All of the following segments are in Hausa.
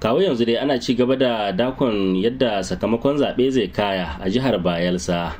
kawo yanzu dai ana ci gaba da dakon yadda sakamakon zaɓe zai kaya a jihar bayelsa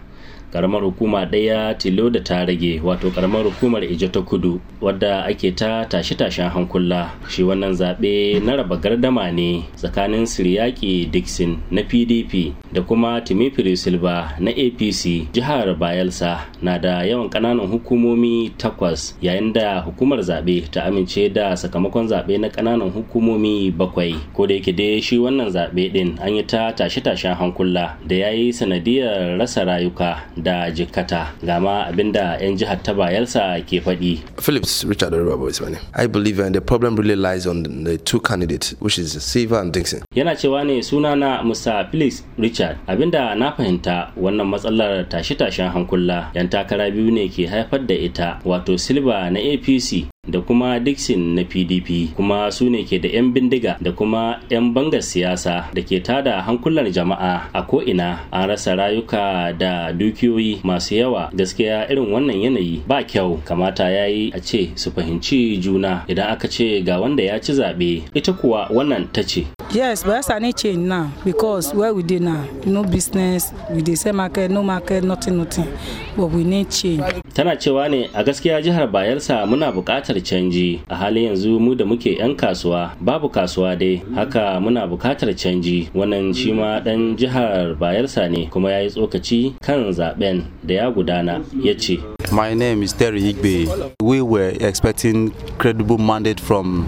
karamar hukuma ɗaya tilo da ta rage wato karamar hukumar ije ta kudu wadda ake ta tashe-tashen hankula shi wannan zaɓe na raba gardama ne tsakanin siriyaki dixon na pdp da kuma timifiri silva na apc jihar bayelsa na da yawan ƙananan hukumomi takwas yayin da hukumar zaɓe ta amince da sakamakon zaɓe na ƙananan hukumomi bakwai ko da yake dai shi wannan zaɓe ɗin an yi ta tashe-tashen hankula da ya yi sanadiyar rasa rayuka da jikkata ga ma abinda 'yan jihar ta bayelsa ke faɗi. Philips Richard Oribabo is my I believe and uh, the problem really lies on the two candidates which is Siva and Dixon. Yana cewa ne sunana Mr. Felix Richard abinda na fahimta wannan matsalar tashe-tashen hankula 'yan takara biyu ne ke haifar da ita wato Silva na APC da kuma Dixon na PDP kuma su ne ke da 'yan bindiga da kuma 'yan bangar siyasa da ke tada hankulan jama'a a ko'ina an rasa rayuka da dukiyoyi masu yawa gaskiya irin wannan yanayi ba kyau kamata ya yi a ce su fahimci juna idan aka ce ga wanda ya ci zaɓe ita kuwa wannan ta ce yes bayelsa need change now because where we dey now no business we dey sell market no market nothing nothing but we need change. tana cewa ne a gaskiya jihar bayelsa muna buƙatar canji a halin yanzu mu da muke 'yan kasuwa babu kasuwa dai haka muna buƙatar canji wannan shi ma ɗan jihar bayelsa ne kuma ya yi tsokaci kan zaben da ya gudana ya ce My name is Terry Igbe. We were expecting credible mandate from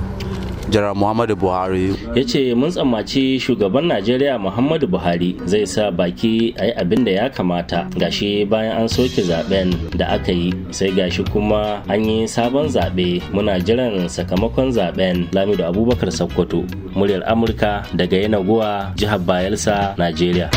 jiran muhammadu buhari ya ce mun tsammaci shugaban najeriya muhammadu buhari zai sa baki a yi abin da ya kamata gashi bayan an soke zaben da aka yi sai gashi kuma an yi sabon zaɓe muna jiran sakamakon zaben lamido abubakar sokoto muryar amurka daga yanaguwa jihar bayelsa najeriya